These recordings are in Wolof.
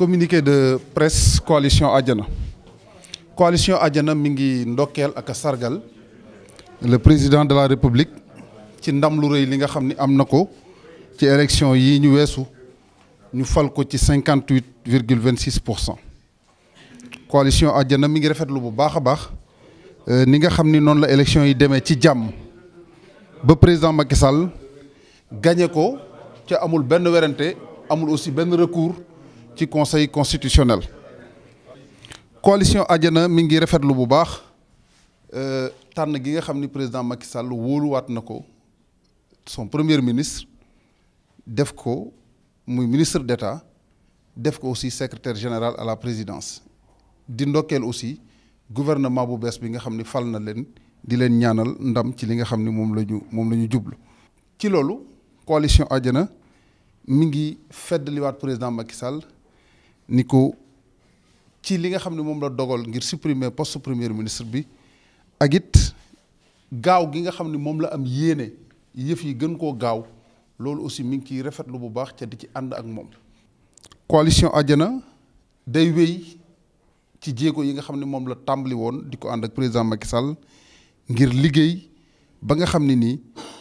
communiqué de presse coalition Adiana coalition Adiana mingi ndokel ak a sargal le président de la république ci ndam lu reuy li nga xamni ni am na ko ci élection yi ñu wessu ñu fal ko ci 58,26% coalition Adiana mingi ngi rafetlu bu baax a baax euh, ni nga xamni ni la élection yi demee ci jàmm ba président Macky Sall gagné ko ci amul ben werante amul aussi ben recours ci conseil constitutionnel coalition Adiana mi ngi rafetlu bu baax euh, tànn gi nga xam président Macky Sall wóoluwaat na son premier ministre def ko muy ministre d'État def ko aussi secrétaire général à la présidence di aussi gouvernement bu bes bi nga xamni fal na di len ñaanal ndam ci li nga xamni mom lañu mom lañu moom jublu ci lolu coalition Adiana mi ngi wat président Macky Sall ni ko ci li nga xam ne moom la dogal ngir supprimer post premier ministre bi ak it gaaw gi nga xam ni moom la am yéene yëf yi gën koo gaaw loolu aussi mi ngi ciy rafetlu bu baax ca di ci ànd ak moom. coalition Adiana day wéy ci jéego yi nga xam ne moom la tàmbali woon di ko ànd ak président Macky Sall ngir liggéey ba nga xam ne nii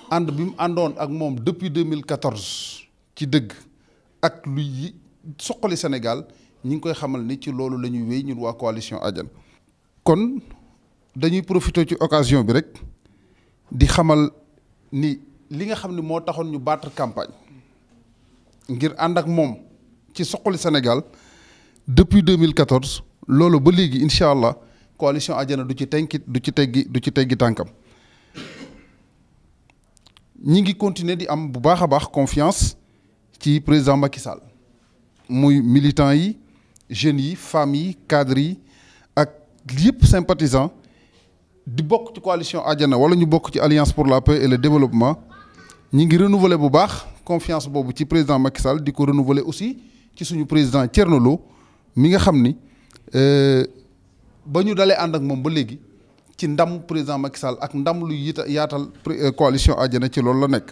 ànd bi mu àndoon ak moom depuis 2014 ci dëgg ak luy. suqali Sénégal ñi ngi koy xamal ni ci loolu la ñuy wéy ñun waa coalition Adiane kon dañuy profité ci occasion bi rek di xamal ni li nga xam ne moo taxoon ñu battre campagne ngir ànd ak moom ci suqali Sénégal depuis 2014 loolu ba léegi incha allah coalition Adiane du ci tenkit du ci teggi du ci teggi tànkam ñi ngi continuer di am bu baax a baax confiance ci président Macky Sall muy militants yi jeunes yi femmes yi cadres yi ak yëpp sympathisants di bokk ci coalition Adiana wala ñu bokk ci alliance pour la paix et le développement ñi ngi renouveler bu baax confiance boobu ci président Macky Sall di ko renouveler aussi ci suñu président Thierno Lo mi nga xamni euh bañu dalé and ak mom ba légui ci ndam président Macky Sall ak ndam lu yita euh, coalition aljana ci loolu la nek